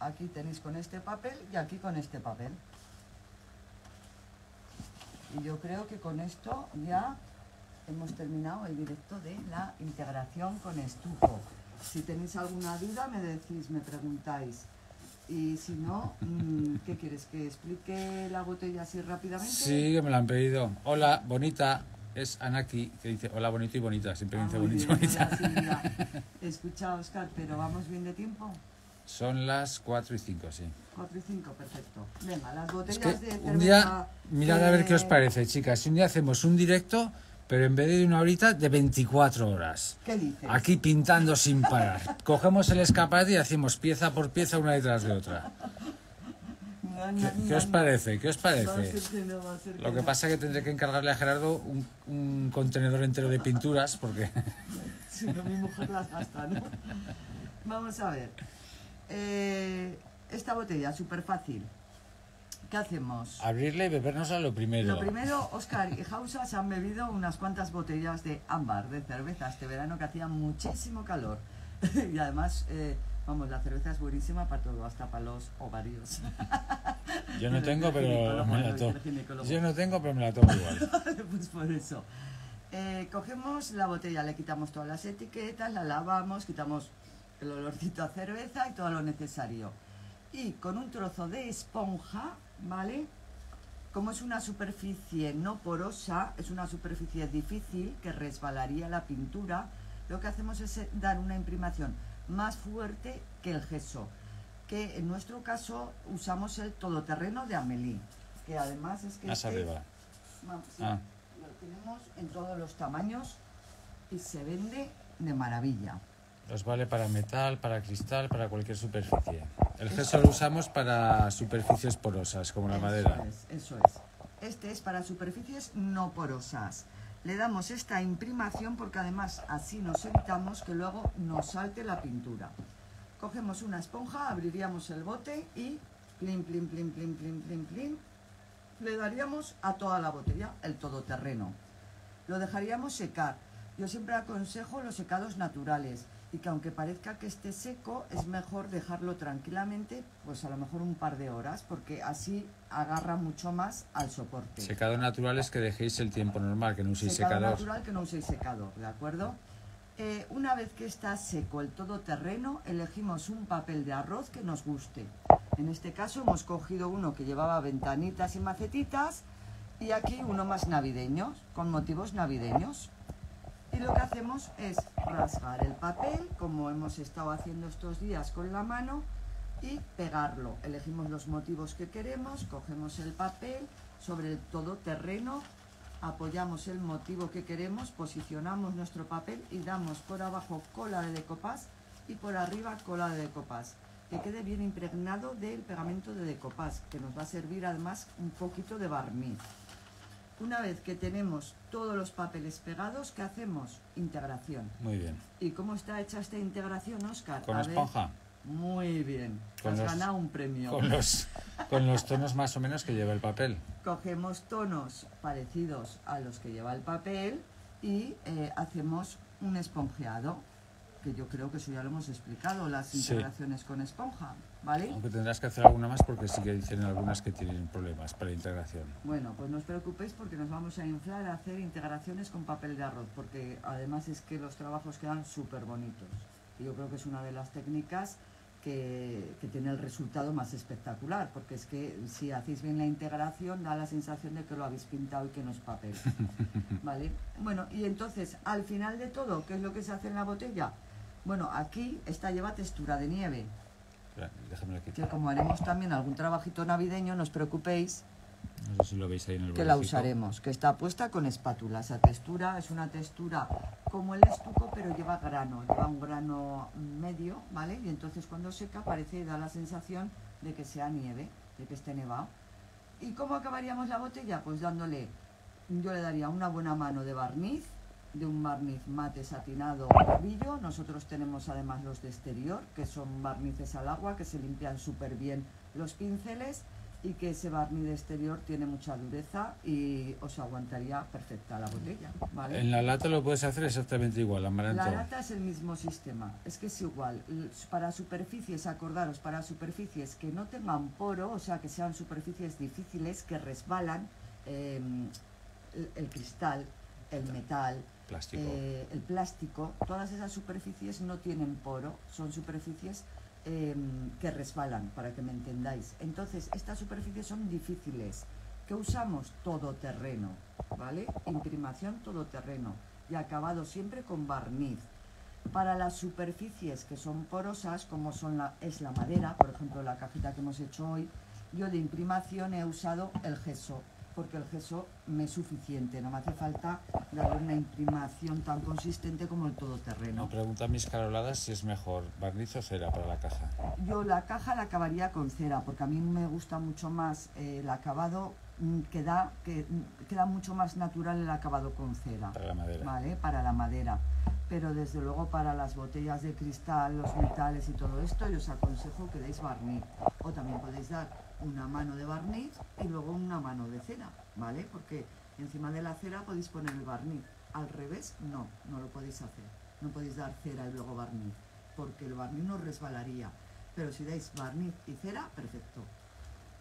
Aquí tenéis con este papel y aquí con este papel. Y yo creo que con esto ya hemos terminado el directo de la integración con estuco. Si tenéis alguna duda me decís, me preguntáis. Y si no, mm, ¿qué quieres? ¿Que explique la botella así rápidamente? Sí, que me la han pedido. Hola, bonita. Es Anaki que dice hola bonito y bonita. Siempre ah, dice bonito y bonita. (laughs) Escucha, Oscar, pero vamos bien de tiempo. Son las 4 y 5, sí. 4 y 5, perfecto. Venga, las botellas de Un día, mirad a ver qué os parece, chicas. Un día hacemos un directo, pero en vez de una horita, de 24 horas. ¿Qué dices? Aquí pintando sin parar. Cogemos el escaparate y hacemos pieza por pieza una detrás de otra. ¿Qué, os parece? ¿Qué os parece? Lo que pasa es que tendré que encargarle a Gerardo un, un contenedor entero de pinturas porque... (laughs) si no, mi mujer las gasta, ¿no? Vamos a ver. Eh, esta botella, súper fácil. ¿Qué hacemos? Abrirla y bebernos a lo primero. Lo primero, Oscar y Hausa se han bebido unas cuantas botellas de ámbar, de cerveza, este verano que hacía muchísimo calor. (laughs) y además, eh, vamos, la cerveza es buenísima para todo, hasta para los ovarios. (laughs) Yo no tengo, pero me la tomo. Yo no tengo, pero me la tomo igual. (laughs) pues por eso. Eh, cogemos la botella, le quitamos todas las etiquetas, la lavamos, quitamos el olorcito a cerveza y todo lo necesario. Y con un trozo de esponja, ¿vale? Como es una superficie no porosa, es una superficie difícil que resbalaría la pintura, lo que hacemos es eh, dar una imprimación más fuerte que el gesso, que en nuestro caso usamos el todoterreno de Amelie, que además es que... Este ah. Lo tenemos en todos los tamaños y se vende de maravilla. Nos vale para metal, para cristal, para cualquier superficie. El gesso lo usamos para superficies porosas, como la eso madera. Es, eso es. Este es para superficies no porosas. Le damos esta imprimación porque además así nos evitamos que luego nos salte la pintura. Cogemos una esponja, abriríamos el bote y ¡plim, plim, plim, plim, plim, plim, plim! le daríamos a toda la botella el todoterreno. Lo dejaríamos secar. Yo siempre aconsejo los secados naturales y que aunque parezca que esté seco, es mejor dejarlo tranquilamente, pues a lo mejor un par de horas, porque así agarra mucho más al soporte. secado natural es que dejéis el tiempo normal, que no uséis secador. secado natural que no uséis secador, ¿de acuerdo? Eh, una vez que está seco el todoterreno, elegimos un papel de arroz que nos guste. En este caso hemos cogido uno que llevaba ventanitas y macetitas y aquí uno más navideño, con motivos navideños y lo que hacemos es rasgar el papel, como hemos estado haciendo estos días con la mano, y pegarlo. Elegimos los motivos que queremos, cogemos el papel sobre todo terreno, apoyamos el motivo que queremos, posicionamos nuestro papel y damos por abajo cola de decopás y por arriba cola de decopás. Que quede bien impregnado del pegamento de decopás, que nos va a servir además un poquito de barniz. Una vez que tenemos todos los papeles pegados, ¿qué hacemos? Integración. Muy bien. ¿Y cómo está hecha esta integración, Oscar? Con esponja. Muy bien. ganado un premio. (laughs) Con los, tonos más o menos que lleva el papel. Cogemos tonos parecidos a los que lleva el papel y eh, hacemos un esponjeado, que yo creo que eso ya lo hemos explicado, las integraciones con esponja. Aunque tendrás que hacer alguna más porque sí que dicen algunas que tienen problemas para integración. Bueno, pues no os preocupéis porque nos vamos a inflar a hacer integraciones con papel de arroz, porque además es que los trabajos quedan súper bonitos. Yo creo que es una de las técnicas que, tiene el resultado más espectacular, porque es que si hacéis bien la integración da la sensación de que lo habéis pintado y que no es papel. (laughs) ¿Vale? Bueno, y entonces, al final de todo, ¿qué es lo que se hace en la botella? Bueno, aquí esta lleva textura de nieve, que como haremos también algún trabajito navideño, no os preocupéis. Que la usaremos, que está puesta con espátula. Esa textura es una textura como el estuco, pero lleva grano, lleva un grano medio, ¿vale? Y entonces cuando seca parece y da la sensación de que sea nieve, de que esté nevado. ¿Y cómo acabaríamos la botella? Pues dándole, yo le daría una buena mano de barniz, de un barniz mate satinado brillo. Nosotros tenemos además los de exterior, que son barnices al agua, que se limpian súper bien los pinceles y que ese barniz exterior tiene mucha dureza y os aguantaría perfecta la botella. En la lata lo puedes hacer exactamente igual, La lata es el mismo sistema, es que es igual. Para superficies, acordaros, para superficies que no tengan poro, o sea, que sean superficies difíciles, que resbalan em, el cristal, el metal, eh, el plástico, todas esas superficies no tienen poro, son superficies em, que resbalan, para que me entendáis. Entonces, estas superficies son difíciles. ¿Qué usamos? Todo terreno, ¿vale? Imprimación todo terreno y acabado siempre con barniz. Para las superficies que son porosas, como son la, es la madera, por ejemplo la cajita que hemos hecho hoy, yo de imprimación he usado el gesso porque el gesso me es suficiente, no me hace falta darle una imprimación tan consistente como el todoterreno. Me pregunta mis caroladas si es mejor barniz o cera para la caja. Yo la caja la acabaría con cera, porque a mí me gusta mucho más eh, el acabado, mm, queda, que, mm, queda mucho más natural el acabado con cera. Para la madera. ¿Vale? Para la madera. Pero desde luego para las botellas de cristal, los metales y todo esto, yo os aconsejo que deis barniz. O también podéis dar una mano de barniz y luego una mano de cera, ¿vale? Porque encima de la cera podéis poner el barniz. Al revés, no, no lo podéis hacer. No podéis dar cera y luego barniz, porque el barniz no resbalaría. Pero si dais barniz y cera, perfecto.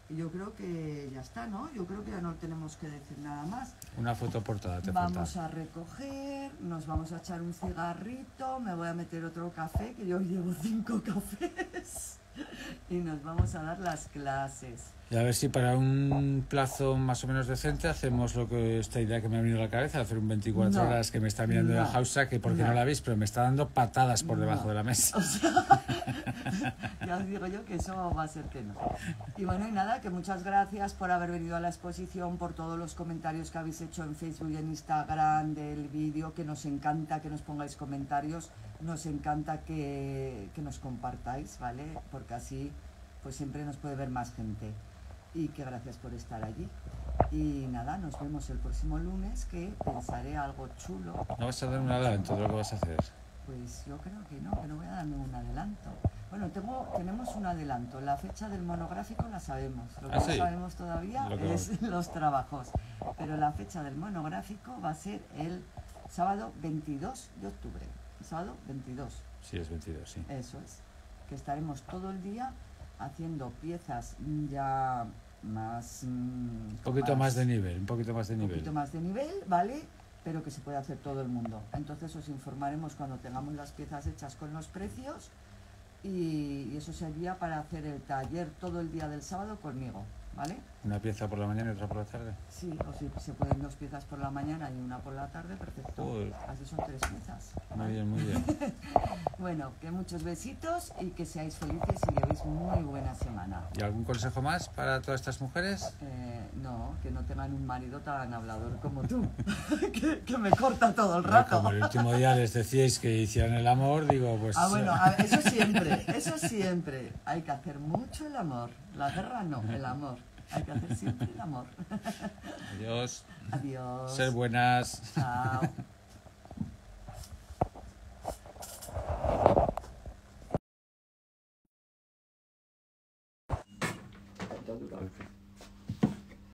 Y yo creo que ya está, ¿no? Yo creo que ya no tenemos que decir nada más. Una foto portada te Vamos a recoger, nos vamos a echar un cigarrito, me voy a meter otro café, que yo llevo cinco (laughs) cafés. (laughs) y nos vamos a dar las clases. Y a ver si para un plazo más o menos decente hacemos lo que esta idea que me ha venido a la cabeza, hacer un 24 horas que me está mirando la Hausa, que porque no. la veis, pero me está dando patadas por debajo de la mesa. (laughs) ya os digo yo que eso va a ser que no. Y bueno, y nada, que muchas gracias por haber venido a la exposición, por todos los comentarios que habéis hecho en Facebook y en Instagram del vídeo, que nos encanta que nos pongáis comentarios, nos encanta que, que nos compartáis, ¿vale? Porque así pues siempre nos puede ver más gente y que gracias por estar allí. Y nada, nos vemos el próximo lunes que pensaré algo chulo. ¿No vas a dar un adelanto de lo que vas a hacer? Pues yo creo que no, que no voy a dar un adelanto. Bueno, tengo, tenemos un adelanto. La fecha del monográfico la sabemos. Lo que ah, no sabemos todavía es (laughs) los trabajos. Pero la fecha del monográfico va a ser el sábado 22 de octubre. sábado 22. Sí, es 22, sí. Eso es. Que estaremos todo el día haciendo piezas ya más... Mm, un poquito más, de nivel, un poquito más de nivel. Un poquito más de nivel, ¿vale? Pero que se puede hacer todo el mundo. Entonces os informaremos cuando tengamos las piezas hechas con los precios y eso sería para hacer el taller todo el día del sábado conmigo, ¿vale? ¿Una pieza por la mañana y otra por la tarde? Sí, o si se pueden dos piezas por la mañana y una por la tarde, perfecto. Así son tres piezas. Muy bien, muy bien. (laughs) bueno, que muchos besitos y que seáis felices y llevéis muy buena semana. ¿Y algún consejo más para todas estas mujeres? Eh, no, que no tengan un marido tan hablador como tú, (laughs) que, me corta todo el rato. como el último día les decíais que hicieran el amor, digo, pues... Ah, bueno, (laughs) eso siempre, eso siempre. Hay que hacer mucho el amor. La guerra no, el amor. Hay que hacer siempre el amor. Adiós. Adiós. Ser buenas. Chao.